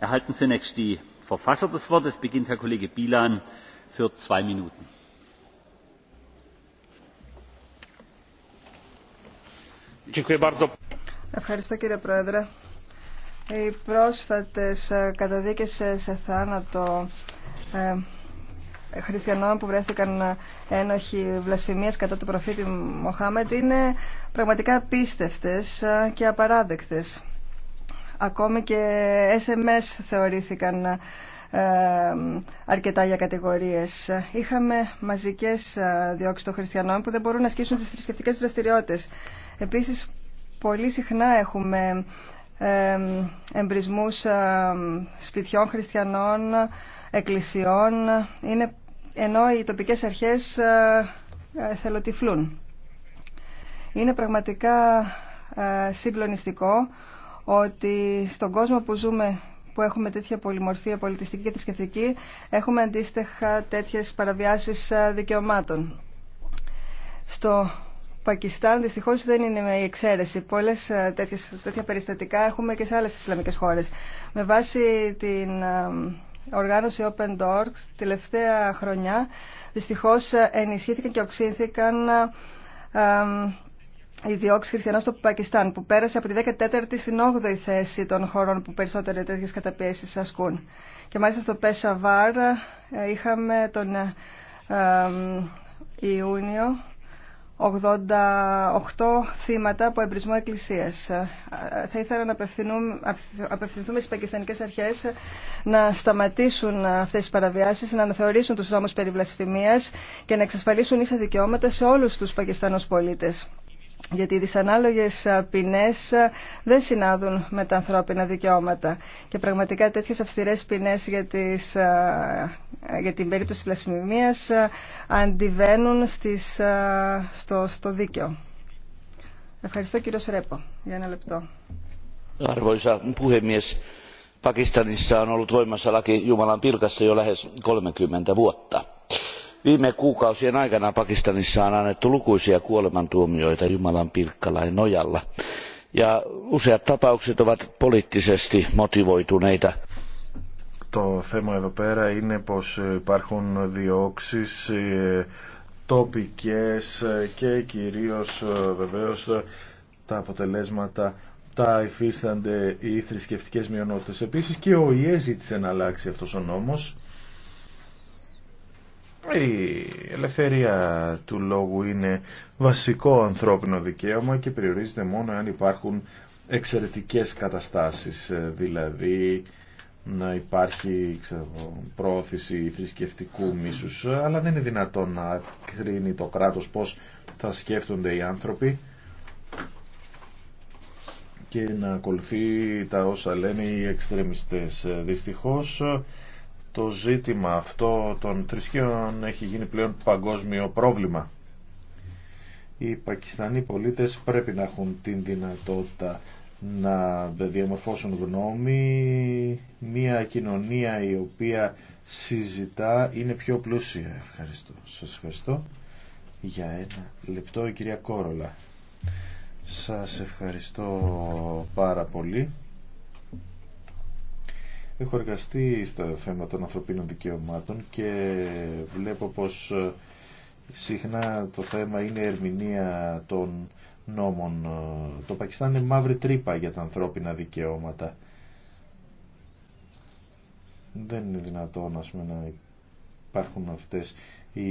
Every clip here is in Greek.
Ευχαριστώ κύριε Πρόεδρε. Οι πρόσφατες ε, καταδίκες σε θάνατο ε, χριστιανών που βρέθηκαν ένοχοι βλασφημίας κατά του προφήτη Μοχάμετ είναι πραγματικά πίστευτες ε, και απαράδεκτες. Ακόμη και SMS θεωρήθηκαν ε, αρκετά για κατηγορίες. Είχαμε μαζικές ε, διώξεις των χριστιανών που δεν μπορούν να ασκήσουν τις θρησκευτικές δραστηριότητες. Επίσης, πολύ συχνά έχουμε ε, εμπρισμούς σπιτιών χριστιανών, εκκλησιών, είναι, ενώ οι τοπικές αρχές θελοτυφλούν. Είναι πραγματικά συγκλονιστικό ότι στον κόσμο που ζούμε που έχουμε τέτοια πολυμορφία πολιτιστική και θρησκευτική, έχουμε αντίστοιχα τέτοιες παραβιάσεις ε, δικαιωμάτων. Στο Πακιστάν δυστυχώς, δεν είναι η εξαίρεση. Πολλέ ε, τέτοια περιστατικά έχουμε και σε άλλες Ισλαμικές χώρες. Με βάση την ε, οργάνωση Open Doors, τελευταία χρονιά δυστυχώς, ενισχύθηκαν και οξύνθηκαν η διώξη χριστιανών στο Πακιστάν που πέρασε από τη 14η στην 8η θέση των χωρών που περισσότερες τέτοιες καταπιέσεις ασκούν. Και μάλιστα στο Πεσαβάρ ε, είχαμε τον ε, Ιούνιο 88 θύματα από εμπρισμό εκκλησίας. Ε, θα ήθελα να απευθυνθούμε στις πακιστανικές αρχές να σταματήσουν αυτές τις παραβιάσεις, να αναθεωρήσουν τους νόμους περί και να εξασφαλίσουν ίσα δικαιώματα σε όλους τους πακιστανούς πολίτες γιατί οι δυσανάλογες ποινές ε, δεν συνάδουν με τα ανθρώπινα δικαιώματα. Και πραγματικά τέτοιες αυστηρές ποινές για, ε, για την περίπτωση πλασμιμίας ε, αντιβαίνουν στις, στο, στο δίκαιο. Ευχαριστώ κύριο Σρέπο. Για ένα λεπτό. Arvoisa puhemies, Pakistanissa on ollut voimassa laki Jumalan pilkassa jo lähes 30 vuotta viime kuukausien aikana pakistanissa on annettu lukuisia kuolemantuomioita jumalan pilkkalain nojalla ja useat tapaukset ovat Το θέμα εδώ πέρα είναι πως υπάρχουν διώξεις ε, τοπικές ε, και κυρίως ε, βεβαίως τα αποτελέσματα τα υφίστανται οι θρησκευτικές μειονότητες. Επίσης και ο ΙΕ ζήτησε να αλλάξει αυτός ο νόμος η ελευθερία του λόγου είναι βασικό ανθρώπινο δικαίωμα και περιορίζεται μόνο αν υπάρχουν εξαιρετικές καταστάσεις, ε, δηλαδή να υπάρχει ξέρω, πρόθεση θρησκευτικού μίσους, αλλά δεν είναι δυνατόν να κρίνει το κράτος πώς θα σκέφτονται οι άνθρωποι και να ακολουθεί τα όσα λένε οι εξτρεμιστές. Ε, δυστυχώς το ζήτημα αυτό των θρησκείων έχει γίνει πλέον παγκόσμιο πρόβλημα. Οι Πακιστανοί πολίτες πρέπει να έχουν την δυνατότητα να διαμορφώσουν γνώμη. Μια κοινωνία η οποία συζητά είναι πιο πλούσια. Ευχαριστώ. Σας ευχαριστώ για ένα λεπτό η κυρία Κόρολα. Σας ευχαριστώ πάρα πολύ. Έχω εργαστεί στο θέμα των ανθρωπίνων δικαιωμάτων και βλέπω πως ε, συχνά το θέμα είναι ερμηνεία των νόμων. Ε, το Πακιστάν είναι μαύρη τρύπα για τα ανθρώπινα δικαιώματα. Δεν είναι δυνατόν ας πούμε, να υπάρχουν αυτές οι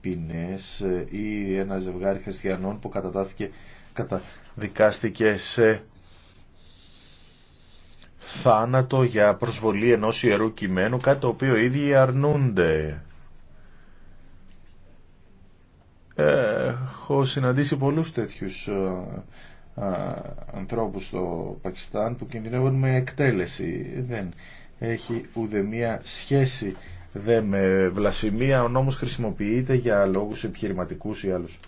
ποινές ε, ή ένα ζευγάρι χριστιανών που κατατάθηκε καταδικάστηκε σε θάνατο για προσβολή ενός ιερού κειμένου, κάτι το οποίο ήδη αρνούνται. Έχω συναντήσει πολλούς τέτοιους ε, ανθρώπους στο Πακιστάν που κινδυνεύουν με εκτέλεση. Δεν έχει ούτε μία σχέση δε με βλασφημία. Ο νόμος χρησιμοποιείται για λόγους επιχειρηματικούς ή άλλους.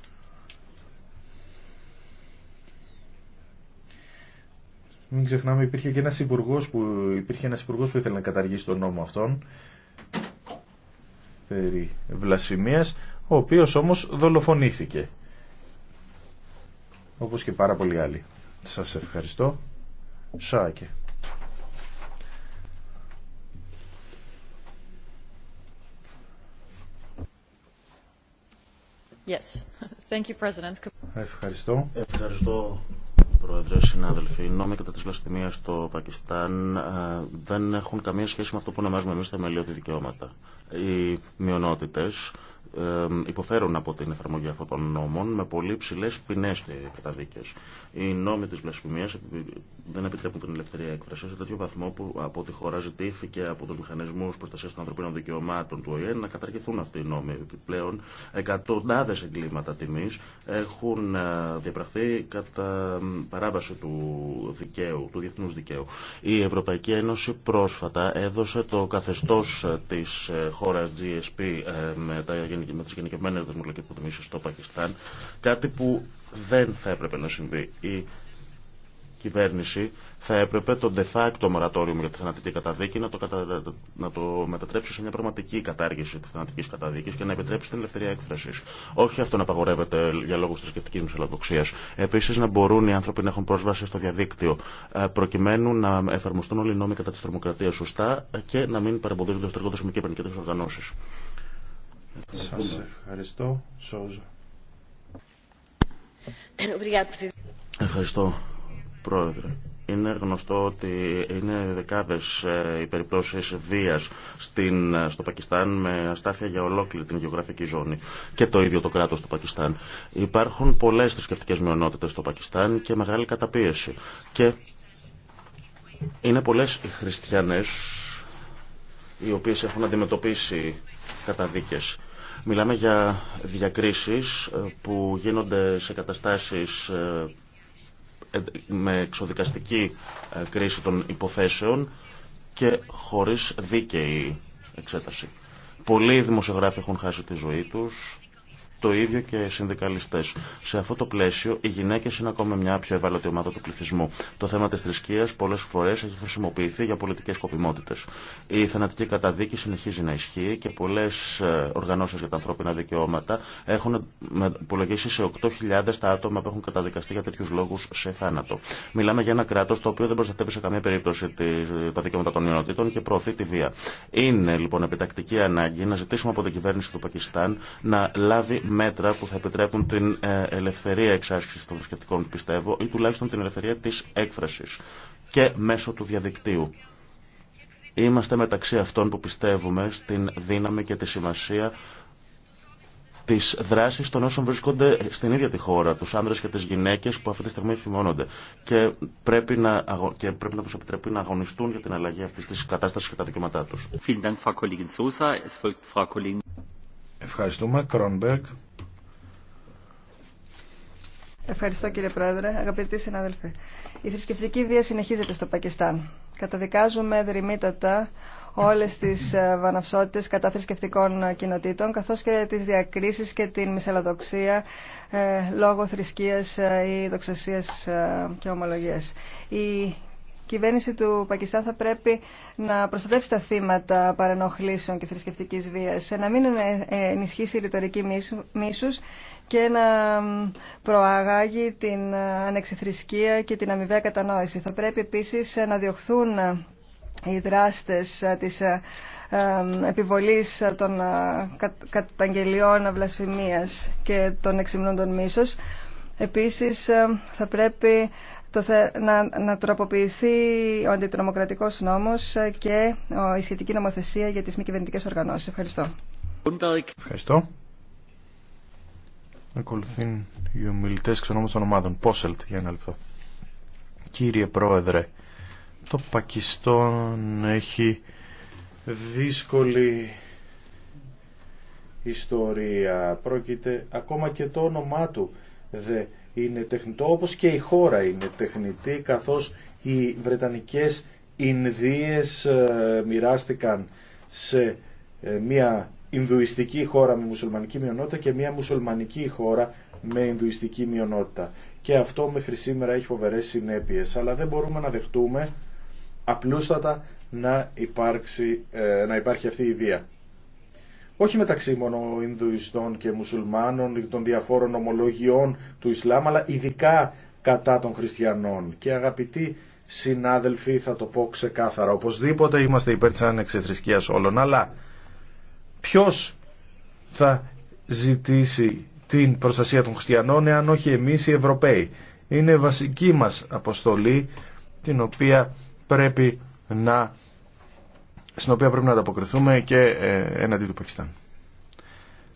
Μην ξεχνάμε υπήρχε και ένας υπουργός που, υπήρχε ένας υπουργός που ήθελε να καταργήσει τον νόμο αυτόν περί βλασφημίας ο οποίος όμως δολοφονήθηκε όπως και πάρα πολλοί άλλοι. Σας ευχαριστώ. Σάκε. Yes. Thank you, President. Ευχαριστώ. Ευχαριστώ Πρόεδρε, συνάδελφοι, οι νόμοι κατά τη βλαστημία στο Πακιστάν ε, δεν έχουν καμία σχέση με αυτό που ονομάζουμε εμεί τα μελιώδη δικαιώματα. Οι μειονότητε υποφέρουν από την εφαρμογή αυτών των νόμων με πολύ ψηλέ ποινέ καταδίκε. Οι νόμοι τη βλασφημία δεν επιτρέπουν την ελευθερία έκφραση σε τέτοιο βαθμό που από τη χώρα ζητήθηκε από του μηχανισμού προστασία των ανθρωπίνων δικαιωμάτων του ΟΗΕ να καταργηθούν αυτοί οι νόμοι. Επιπλέον, εκατοντάδε εγκλήματα τιμή έχουν ε, διαπραχθεί κατά παράβαση του δικαίου, του διεθνού δικαίου. Η Ευρωπαϊκή Ένωση πρόσφατα έδωσε το καθεστώ ε, τη ε, χώρα GSP με τα με τις γενικευμένες δεσμολογικές προτιμήσεις στο Πακιστάν, κάτι που δεν θα έπρεπε να συμβεί. Η κυβέρνηση θα έπρεπε το de facto μορατόριο για τη θανατική καταδίκη να το, να το μετατρέψει σε μια πραγματική κατάργηση τη θανατική καταδίκη και να επιτρέψει την ελευθερία έκφραση. Όχι αυτό να απαγορεύεται για λόγου θρησκευτική μυσαλλοδοξία. Επίση να μπορούν οι άνθρωποι να έχουν πρόσβαση στο διαδίκτυο ε, προκειμένου να εφαρμοστούν όλοι οι νόμοι κατά τη τρομοκρατία σωστά και να μην παρεμποδίζονται με οργανώσει. Σας ευχαριστώ. Σόζα. Ευχαριστώ, Πρόεδρε. Είναι γνωστό ότι είναι δεκάδες ε, οι περιπτώσεις βίας ε, στο Πακιστάν με αστάθεια για ολόκληρη την γεωγραφική ζώνη και το ίδιο το κράτος του Πακιστάν. Υπάρχουν πολλές θρησκευτικέ μειονότητες στο Πακιστάν και μεγάλη καταπίεση. Και είναι πολλές οι χριστιανέ οι οποίε έχουν αντιμετωπίσει καταδίκες Μιλάμε για διακρίσεις ε, που γίνονται σε καταστάσεις ε, ε, με εξοδικαστική κρίση των υποθέσεων και χωρίς δίκαιη εξέταση. Πολλοί δημοσιογράφοι έχουν χάσει τη ζωή τους, το ίδιο και οι συνδικαλιστέ. Σε αυτό το πλαίσιο, οι γυναίκε είναι ακόμα μια πιο ευάλωτη ομάδα του πληθυσμού. Το θέμα τη θρησκεία πολλέ φορέ έχει χρησιμοποιηθεί για πολιτικέ σκοπιμότητε. Η θανατική καταδίκη συνεχίζει να ισχύει και πολλέ ε, οργανώσει για τα ανθρώπινα δικαιώματα έχουν υπολογίσει σε 8.000 τα άτομα που έχουν καταδικαστεί για τέτοιου λόγου σε θάνατο. Μιλάμε για ένα κράτο το οποίο δεν προστατεύει σε καμία περίπτωση τα δικαιώματα των μειονοτήτων και προωθεί τη βία. Είναι λοιπόν επιτακτική ανάγκη να ζητήσουμε από την κυβέρνηση του Πακιστάν να λάβει μέτρα που θα επιτρέπουν την ε, ελευθερία εξάσκηση των θρησκευτικών, πιστεύω, ή τουλάχιστον την ελευθερία τη έκφραση και μέσω του διαδικτύου. Είμαστε μεταξύ αυτών που πιστεύουμε στην δύναμη και τη σημασία τη δράση των όσων βρίσκονται στην ίδια τη χώρα, του άνδρε και τι γυναίκε που αυτή τη στιγμή φημώνονται. Και πρέπει να, και πρέπει να του επιτρέπει να αγωνιστούν για την αλλαγή αυτή τη κατάσταση και τα δικαιώματά του. Ευχαριστούμε. Κρόνμπεργκ. Ευχαριστώ κύριε Πρόεδρε, αγαπητοί συνάδελφοι. Η θρησκευτική βία συνεχίζεται στο Πακιστάν. Καταδικάζουμε δρυμύτατα όλες τις ε, βαναυσότητες κατά θρησκευτικών κοινοτήτων, καθώς και τις διακρίσεις και την μυσαλλοδοξία ε, λόγω θρησκείας ε, ή δοξασίας και ομολογίας. η δοξασιας και ομολογιας κυβέρνηση του Πακιστάν θα πρέπει να προστατεύσει τα θύματα παρενοχλήσεων και θρησκευτική βία, να μην ε, ενισχύσει η ρητορική μίσου και να προαγάγει την ανεξιθρησκεία και την αμοιβαία κατανόηση. Θα πρέπει επίση να διωχθούν οι δράστες της ε, ε, επιβολής των καταγγελιών βλασφημία και των εξυμνών των μίσους. Επίσης θα πρέπει να, να τροποποιηθεί ο αντιτρομοκρατικός νόμος και η σχετική νομοθεσία για τις μη κυβερνητικές οργανώσεις. Ευχαριστώ. Ευχαριστώ. Ακολουθούν οι ομιλητέ ξενόμενων των ομάδων. Πόσελτ, για ένα λεπτό. Κύριε Πρόεδρε, το Πακιστάν έχει δύσκολη ιστορία. Πρόκειται ακόμα και το όνομά του. δε είναι τεχνητό, όπως και η χώρα είναι τεχνητή, καθώς οι Βρετανικές Ινδίες ε, μοιράστηκαν σε ε, μια Ινδουιστική χώρα με μουσουλμανική μειονότητα και μια μουσουλμανική χώρα με Ινδουιστική μειονότητα. Και αυτό μέχρι σήμερα έχει φοβερές συνέπειες, αλλά δεν μπορούμε να δεχτούμε απλούστατα να, υπάρξει, ε, να υπάρχει αυτή η βία όχι μεταξύ μόνο Ινδουιστών και Μουσουλμάνων, των διαφόρων ομολογιών του Ισλάμ, αλλά ειδικά κατά των χριστιανών. Και αγαπητοί συνάδελφοι, θα το πω ξεκάθαρα, οπωσδήποτε είμαστε υπέρ της όλων, αλλά ποιος θα ζητήσει την προστασία των χριστιανών, εάν όχι εμείς οι Ευρωπαίοι. Είναι βασική μας αποστολή, την οποία πρέπει να στην οποία πρέπει να ανταποκριθούμε και ε, έναντι του Πακιστάν.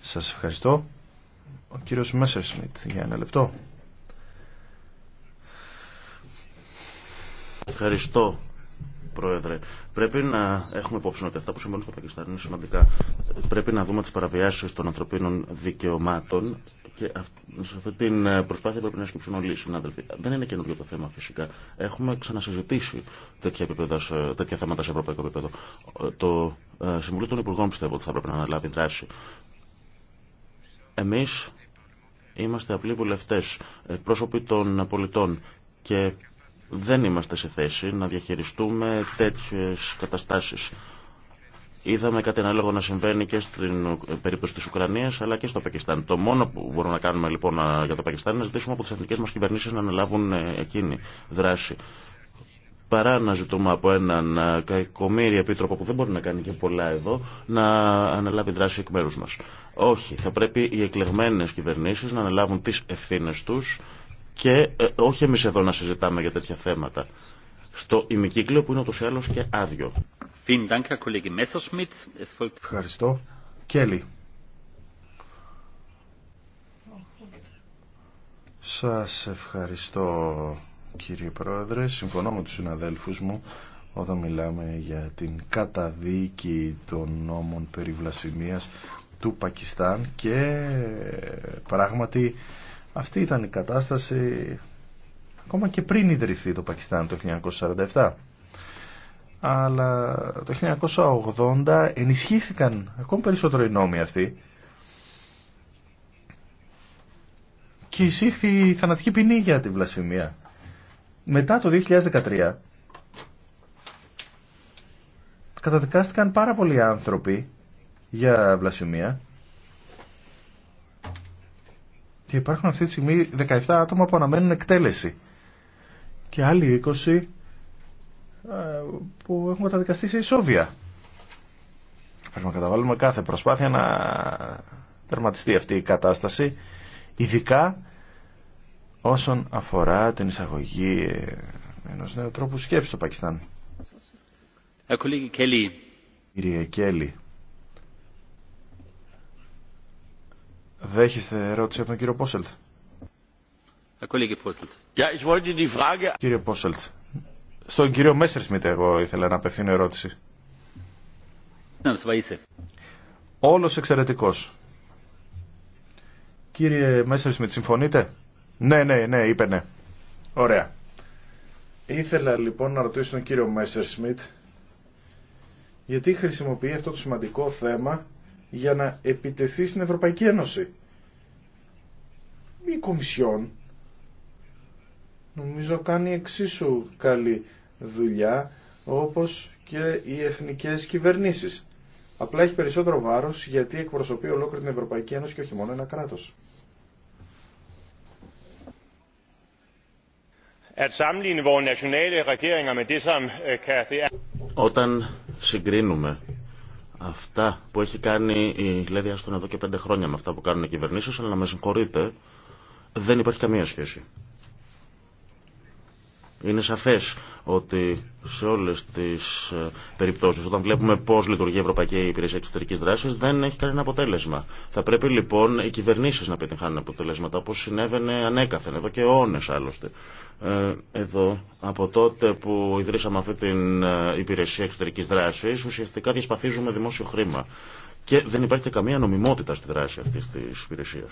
Σας ευχαριστώ. Ο κύριος Μέσερσμιτ. για ένα λεπτό. Ευχαριστώ. Πρόεδρε, πρέπει να έχουμε υπόψη ότι αυτά που συμβαίνουν στο Πακιστάν είναι σημαντικά. Πρέπει να δούμε τις παραβιάσεις των ανθρωπίνων δικαιωμάτων και σε αυτή την ε, προσπάθεια πρέπει να σκέψουν όλοι οι συνάδελφοι. Δεν είναι καινούργιο το θέμα φυσικά. Έχουμε ξανασυζητήσει τέτοια, επίπεδα, τέτοια θέματα σε ευρωπαϊκό επίπεδο. Ε, το ε, Συμβουλίο των Υπουργών πιστεύω ότι θα πρέπει να αναλάβει δράση. Εμεί είμαστε απλοί βουλευτέ, πρόσωποι των πολιτών και δεν είμαστε σε θέση να διαχειριστούμε τέτοιε καταστάσει. Είδαμε κάτι ανάλογο να συμβαίνει και στην περίπτωση τη Ουκρανία αλλά και στο Πακιστάν. Το μόνο που μπορούμε να κάνουμε λοιπόν για το Πακιστάν είναι να ζητήσουμε από τι εθνικέ μα κυβερνήσει να αναλάβουν ε, εκείνη δράση. Παρά να ζητούμε από έναν κακομίρι επίτροπο που δεν μπορεί να κάνει και πολλά εδώ να αναλάβει δράση εκ μέρου μα. Όχι, θα πρέπει οι εκλεγμένε κυβερνήσει να αναλάβουν τι ευθύνε του και ε, όχι εμεί εδώ να συζητάμε για τέτοια θέματα. Στο ημικύκλιο που είναι ούτω ή άλλω και άδειο. Ευχαριστώ. Κέλλη. Σας ευχαριστώ κύριε Πρόεδρε. Συμφωνώ με τους συναδέλφους μου όταν μιλάμε για την καταδίκη των νόμων περί του Πακιστάν και πράγματι αυτή ήταν η κατάσταση ακόμα και πριν ιδρυθεί το Πακιστάν το 1947 αλλά το 1980 ενισχύθηκαν ακόμη περισσότερο οι νόμοι αυτοί και εισήχθη η θανατική ποινή για τη βλασφημία. Μετά το 2013 καταδικάστηκαν πάρα πολλοί άνθρωποι για βλασφημία και υπάρχουν αυτή τη στιγμή 17 άτομα που αναμένουν εκτέλεση και άλλοι 20 ε, που έχουν καταδικαστεί σε ισόβια. Πρέπει να καταβάλουμε κάθε προσπάθεια να τερματιστεί αυτή η κατάσταση, ειδικά όσον αφορά την εισαγωγή ενός νέου τρόπου σκέψης στο Πακιστάν. Ε, Κύριε Κέλλη, δέχεστε ερώτηση από τον κύριο Πόσελτ. Ε, Κύριε Πόσελτ, στον κύριο Σμιτ εγώ ήθελα να απευθύνω ερώτηση. Όλος εξαιρετικός. Κύριε Σμιτ συμφωνείτε? Ναι, ναι, ναι, είπε ναι. Ωραία. Ήθελα λοιπόν να ρωτήσω τον κύριο Σμιτ γιατί χρησιμοποιεί αυτό το σημαντικό θέμα για να επιτεθεί στην Ευρωπαϊκή Ένωση. Μη Κομισιόν νομίζω κάνει εξίσου καλή δουλειά όπως και οι εθνικές κυβερνήσεις. Απλά έχει περισσότερο βάρος γιατί εκπροσωπεί ολόκληρη την Ευρωπαϊκή Ένωση και όχι μόνο ένα κράτος. Øh, er- Όταν συγκρίνουμε αυτά που έχει κάνει η Λέδια στον εδώ και πέντε χρόνια με αυτά που κάνουν οι κυβερνήσεις, αλλά να με συγχωρείτε, δεν υπάρχει καμία σχέση. Είναι σαφές ότι σε όλες τις ε, περιπτώσεις όταν βλέπουμε πώς λειτουργεί η Ευρωπαϊκή Υπηρεσία Εξωτερικής Δράσης δεν έχει κανένα αποτέλεσμα. Θα πρέπει λοιπόν οι κυβερνήσεις να πετυχάνουν αποτελέσματα όπως συνέβαινε ανέκαθεν εδώ και αιώνες άλλωστε. Ε, εδώ από τότε που ιδρύσαμε αυτή την ε, Υπηρεσία Εξωτερικής Δράσης ουσιαστικά διασπαθίζουμε δημόσιο χρήμα και δεν υπάρχει και καμία νομιμότητα στη δράση αυτής της υπηρεσίας.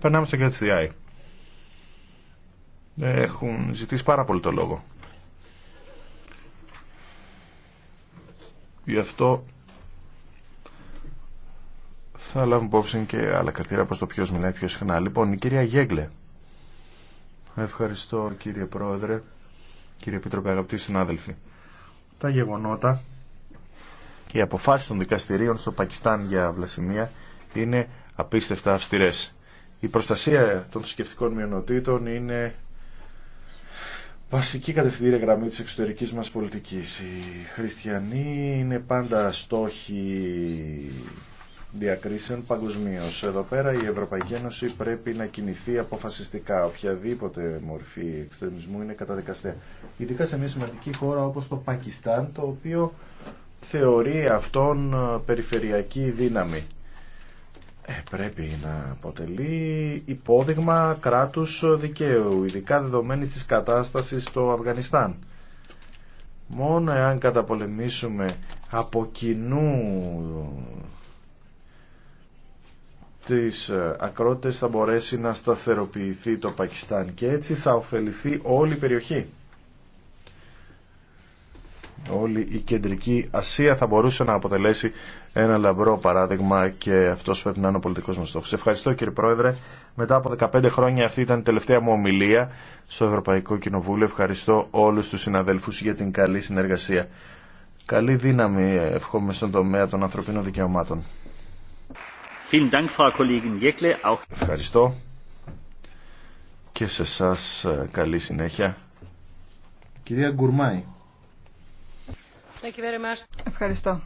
Περνάμε στο Catch έχουν ζητήσει πάρα πολύ το λόγο. Γι' αυτό θα λάβουν υπόψη και άλλα καρτήρα προ το ποιος μιλάει πιο συχνά. Λοιπόν, η κυρία Γέγκλε. Ευχαριστώ κύριε Πρόεδρε, κύριε Επίτροπε, αγαπητοί συνάδελφοι. Τα γεγονότα και οι αποφάσεις των δικαστηρίων στο Πακιστάν για βλασιμία είναι απίστευτα αυστηρές. Η προστασία των θρησκευτικών μειονοτήτων είναι βασική κατευθυντήρια γραμμή της εξωτερικής μας πολιτικής. Οι χριστιανοί είναι πάντα στόχοι διακρίσεων παγκοσμίω. Εδώ πέρα η Ευρωπαϊκή Ένωση πρέπει να κινηθεί αποφασιστικά. Οποιαδήποτε μορφή εξτρεμισμού είναι καταδικαστέα. Ειδικά σε μια σημαντική χώρα όπως το Πακιστάν, το οποίο θεωρεί αυτόν ε, περιφερειακή δύναμη. Ε, πρέπει να αποτελεί υπόδειγμα κράτους δικαίου, ειδικά δεδομένης της κατάστασης στο Αφγανιστάν. Μόνο εάν καταπολεμήσουμε από κοινού τις ε, ακρότητες θα μπορέσει να σταθεροποιηθεί το Πακιστάν και έτσι θα ωφεληθεί όλη η περιοχή όλη η κεντρική Ασία θα μπορούσε να αποτελέσει ένα λαμπρό παράδειγμα και αυτός πρέπει να είναι ο πολιτικός μας στόχος. Ευχαριστώ κύριε Πρόεδρε. Μετά από 15 χρόνια αυτή ήταν η τελευταία μου ομιλία στο Ευρωπαϊκό Κοινοβούλιο. Ευχαριστώ όλους τους συναδέλφους για την καλή συνεργασία. Καλή δύναμη ε, ευχόμαι στον τομέα των ανθρωπίνων δικαιωμάτων. Ευχαριστώ και σε εσά ε, καλή συνέχεια. Κυρία Γκουρμάη. Ευχαριστώ.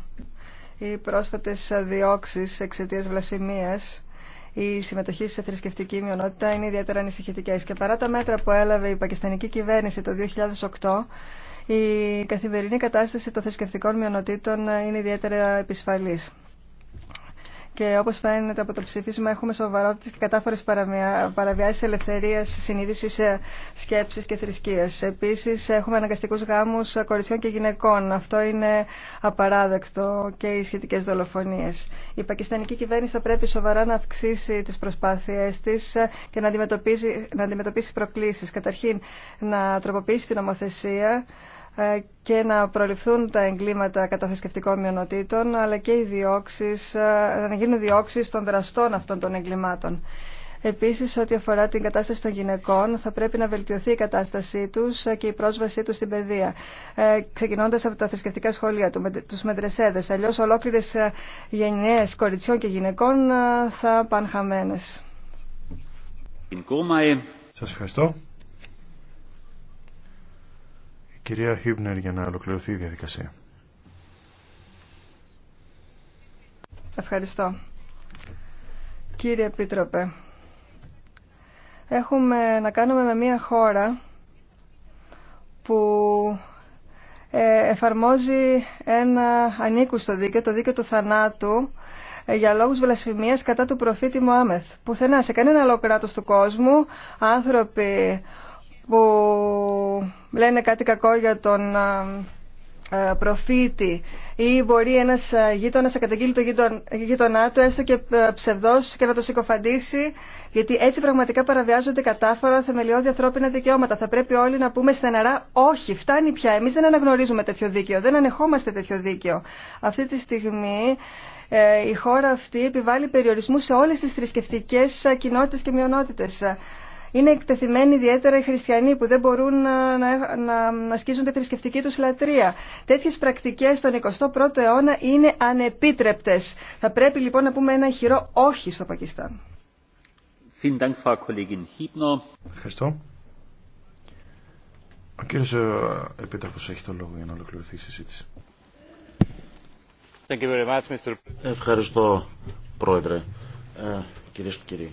Οι πρόσφατες διώξει εξαιτία βλασφημίας η συμμετοχή σε θρησκευτική μειονότητα είναι ιδιαίτερα ανησυχητικέ. Και παρά τα μέτρα που έλαβε η πακιστανική κυβέρνηση το 2008, η καθημερινή κατάσταση των θρησκευτικών μειονοτήτων είναι ιδιαίτερα επισφαλής και όπω φαίνεται από το ψήφισμα έχουμε σοβαρότητες και κατάφορες παραβιάσεις ελευθερία, συνείδηση, ε, σκέψη και θρησκείας. Επίση, έχουμε αναγκαστικούς γάμου κοριτσιών και γυναικών. Αυτό είναι απαράδεκτο και οι σχετικέ δολοφονίε. Η πακιστανική κυβέρνηση θα πρέπει σοβαρά να αυξήσει τι προσπάθειε τη ε, και να αντιμετωπίσει, να Καταρχήν να τροποποιήσει την νομοθεσία ε, και να προληφθούν τα εγκλήματα κατά θρησκευτικών μειονοτήτων, αλλά και οι διώξεις, ε, να γίνουν διώξεις των δραστών αυτών των εγκλημάτων. Επίσης, ό,τι αφορά την κατάσταση των γυναικών, θα πρέπει να βελτιωθεί η κατάστασή τους ε, και η πρόσβασή τους στην παιδεία, ξεκινώντας από τα θρησκευτικά σχολεία, τους μετρεσέδε. Αλλιώς, ολόκληρες γενιές κοριτσιών και γυναικών θα πάνε χαμένες. Σα ευχαριστώ. Κυρία Χίμπνερ για να ολοκληρωθεί η διαδικασία. Ευχαριστώ. Κύριε Επίτροπε, έχουμε να κάνουμε με μια χώρα που ε, εφαρμόζει ένα ανήκουστο δίκαιο, το δίκαιο του θανάτου, ε, για λόγους βλασφημίας κατά του προφήτη Μωάμεθ. Πουθενά σε κανένα άλλο κράτος του κόσμου άνθρωποι που λένε κάτι κακό για τον προφήτη ή μπορεί ένας γείτονας να καταγγείλει τον γείτονά του έστω και ψευδός και να το συκοφαντήσει γιατί έτσι πραγματικά παραβιάζονται κατάφορα θεμελιώδη ανθρώπινα δικαιώματα. Θα πρέπει όλοι να πούμε στεναρά όχι, φτάνει πια. Εμείς δεν αναγνωρίζουμε τέτοιο δίκαιο, δεν ανεχόμαστε τέτοιο δίκαιο. Αυτή τη στιγμή ε, η χώρα αυτή επιβάλλει περιορισμού σε όλες τις θρησκευτικέ κοινότητες και μειονότητες. Είναι εκτεθειμένοι ιδιαίτερα οι χριστιανοί που δεν μπορούν να, να, να, ασκήσουν τη θρησκευτική του λατρεία. Τέτοιε πρακτικέ στον 21ο αιώνα είναι ανεπίτρεπτε. Θα πρέπει λοιπόν να πούμε ένα χειρό όχι στο Πακιστάν. Ευχαριστώ. Ο κύριος ε, Επίτροπος έχει το λόγο για να ολοκληρωθεί η συζήτηση. Ευχαριστώ, Πρόεδρε. Ε, κυρίες και κύριοι,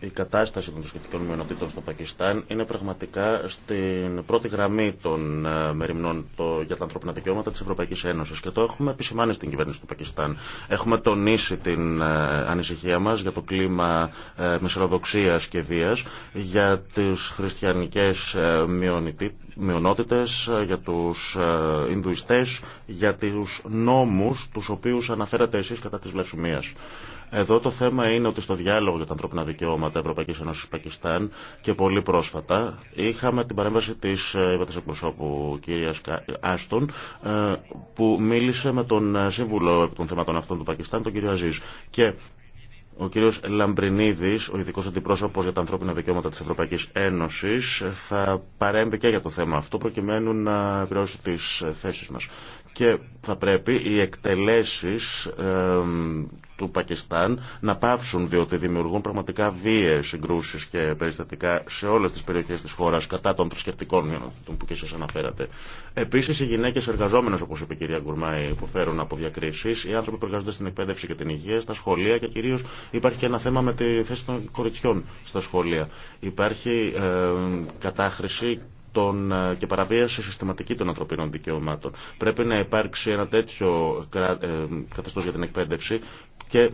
η κατάσταση των θρησκευτικών μειονοτήτων στο Πακιστάν είναι πραγματικά στην πρώτη γραμμή των ε, μεριμνών για τα ανθρώπινα δικαιώματα τη Ευρωπαϊκή Ένωση και το έχουμε επισημάνει στην κυβέρνηση του Πακιστάν. Έχουμε τονίσει την ε, ανησυχία μα για το κλίμα ε, μεσαιροδοξία και βία, για τι χριστιανικέ μειονότητε, για του Ινδουιστέ, για του νόμου του οποίου αναφέρατε εσεί κατά τη βλασφημία. Εδώ το θέμα είναι ότι στο διάλογο για τα ανθρώπινα δικαιώματα Ευρωπαϊκή Ένωση Πακιστάν και πολύ πρόσφατα είχαμε την παρέμβαση τη υπέτη ε, εκπροσώπου κυρία Άστον ε, που μίλησε με τον ε, σύμβουλο των θέματων αυτών του Πακιστάν, τον κύριο Αζή. Και ο κύριος Λαμπρινίδη, ο ειδικό αντιπρόσωπο για τα ανθρώπινα δικαιώματα τη Ευρωπαϊκή Ένωση, θα παρέμβει και για το θέμα αυτό προκειμένου να επιρρώσει τι θέσει μα και θα πρέπει οι εκτελέσεις του Πακιστάν να πάψουν διότι δημιουργούν πραγματικά βίαιες συγκρούσεις και περιστατικά σε όλες τις περιοχές της χώρας κατά των θρησκευτικών που και σας αναφέρατε. Επίσης οι γυναίκες εργαζόμενες όπως είπε η κυρία Γκουρμάη που φέρουν από διακρίσεις, οι άνθρωποι που εργάζονται στην εκπαίδευση και την υγεία, στα σχολεία και κυρίως υπάρχει και ένα θέμα με τη θέση των κοριτσιών στα σχολεία. Υπάρχει κατάχρηση τον ε, και παραβίαση συστηματική των ανθρωπίνων δικαιωμάτων. Πρέπει να υπάρξει ένα τέτοιο ε, καθεστώς για την εκπαίδευση και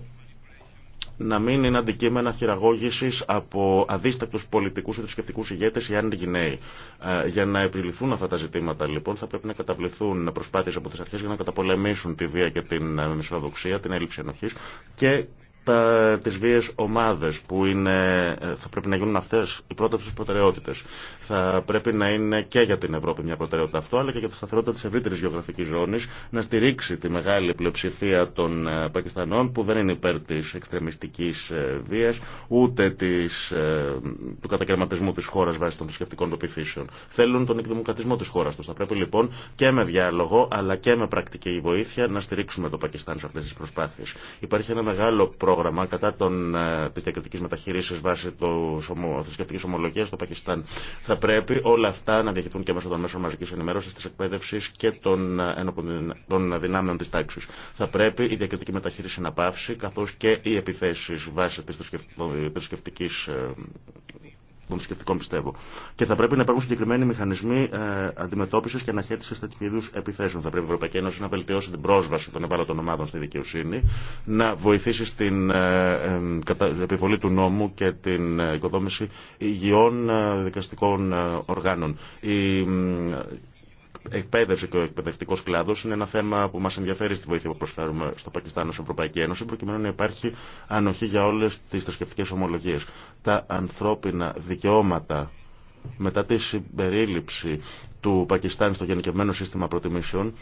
να μην είναι αντικείμενα χειραγώγηση από αδίστακτου πολιτικού ή θρησκευτικού ηγέτε ή άνεργοι ε, Για να επιληθούν αυτά τα ζητήματα, λοιπόν, θα πρέπει να καταβληθούν προσπάθειε από τι αρχέ για να καταπολεμήσουν τη βία και την μισοδοξία, την έλλειψη ενοχή και τα, τις βίες ομάδες που είναι, θα πρέπει να γίνουν αυτές οι πρώτες τους προτεραιότητες. Θα πρέπει να είναι και για την Ευρώπη μια προτεραιότητα αυτό, αλλά και για τη σταθερότητα της ευρύτερης γεωγραφικής ζώνης, να στηρίξει τη μεγάλη πλειοψηφία των ε, Πακιστανών που δεν είναι υπέρ της εξτρεμιστικής ε, βίας, ούτε της, ε, του κατακαιρματισμού της χώρας βάσει των θρησκευτικών πεπιθήσεων. Θέλουν τον εκδημοκρατισμό της χώρας τους. Θα πρέπει λοιπόν και με διάλογο, αλλά και με πρακτική βοήθεια να στηρίξουμε το Πακιστάν σε αυτές τις προσπάθειες. Υπάρχει ένα μεγάλο πρόβλημα πρόγραμμα κατά των, ε, της διακριτικής μεταχείρισης βάσει ομο, θρησκευτική ομολογίας στο Πακιστάν. Θα πρέπει όλα αυτά να διαχειριστούν και μέσω των μέσων μαζικής ενημέρωσης, της εκπαίδευσης και των, ε, των δυνάμεων της τάξης. Θα πρέπει η διακριτική μεταχείριση να πάυσει καθώς και οι επιθέσεις βάσει της Ε, των θρησκευτικών πιστεύω. Και θα πρέπει να υπάρχουν συγκεκριμένοι μηχανισμοί ε, αντιμετώπιση και αναχέτηση τέτοιου είδου επιθέσεων. Θα πρέπει η Ευρωπαϊκή Ένωση να βελτιώσει την πρόσβαση των ευάλωτων ομάδων στη δικαιοσύνη, να βοηθήσει στην ε, επιβολή του νόμου και την ε, οικοδόμηση υγιών ε, δικαστικών οργάνων. Η εκπαίδευση και ο εκπαιδευτικό κλάδο είναι ένα θέμα που μα ενδιαφέρει στη βοήθεια που προσφέρουμε στο Πακιστάν ω Ευρωπαϊκή Ένωση, προκειμένου να υπάρχει ανοχή για όλε τι θρησκευτικέ ομολογίε. Τα ανθρώπινα δικαιώματα μετά τη συμπερίληψη του Πακιστάν στο γενικευμένο σύστημα προτιμήσεων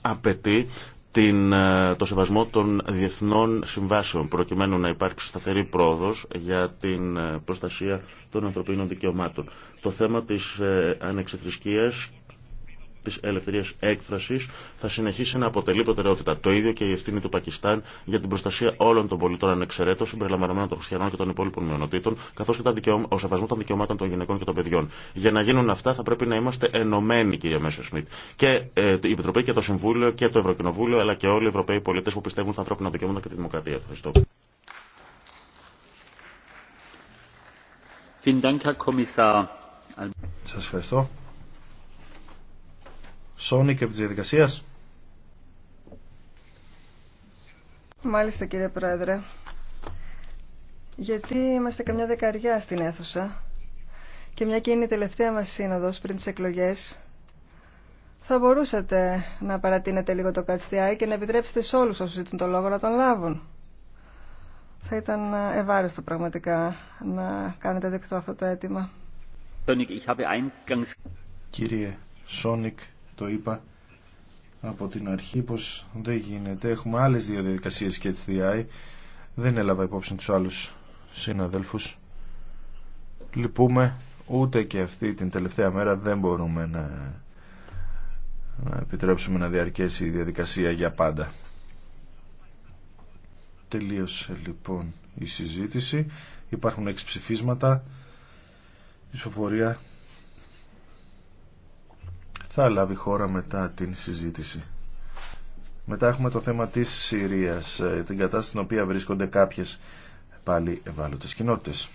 απαιτεί την, ε, το σεβασμό των διεθνών συμβάσεων προκειμένου να υπάρξει σταθερή πρόοδος για την ε, προστασία των ανθρωπίνων δικαιωμάτων. Το θέμα της ε, ανεξιθρησκείας της ελευθερίας έκφρασης θα συνεχίσει να αποτελεί προτεραιότητα. Το ίδιο και η ευθύνη του Πακιστάν για την προστασία όλων των πολιτών ανεξαιρέτως, συμπεριλαμβανομένων των χριστιανών και των υπόλοιπων μειονοτήτων, καθώς και τα δικαιώμα, ο σεβασμό των δικαιωμάτων των γυναικών και των παιδιών. Για να γίνουν αυτά θα πρέπει να είμαστε ενωμένοι, κύριε Μέσο Σμιτ. Και ε, η Επιτροπή και το Συμβούλιο και το Ευρωκοινοβούλιο, αλλά και όλοι οι Ευρωπαίοι πολίτες που πιστεύουν στα ανθρώπινα δικαιώματα και τη δημοκρατία. Ευχαριστώ. Σας ευχαριστώ. Σόνικ και από τη διαδικασία. Μάλιστα κύριε Πρόεδρε. Γιατί είμαστε καμιά δεκαριά στην αίθουσα και μια και είναι η τελευταία μας σύνοδος πριν τις εκλογές θα μπορούσατε να παρατείνετε λίγο το κατστιάι και να επιτρέψετε σε όλους όσους ζητούν το λόγο να τον λάβουν. Θα ήταν ευάρεστο πραγματικά να κάνετε δεκτό αυτό το αίτημα. Κύριε Σόνικ, το είπα από την αρχή πως δεν γίνεται. Έχουμε άλλες δύο διαδικασίες και HDI. Δεν έλαβα υπόψη τους άλλους συναδέλφους. Λυπούμε ούτε και αυτή την τελευταία μέρα δεν μπορούμε να, να επιτρέψουμε να διαρκέσει η διαδικασία για πάντα. Τελείωσε λοιπόν η συζήτηση. Υπάρχουν έξι ψηφίσματα. Ισοφορία θα λάβει χώρα μετά την συζήτηση. Μετά έχουμε το θέμα της Συρίας, ε, την κατάσταση στην οποία βρίσκονται κάποιες πάλι ευάλωτες κοινότητες.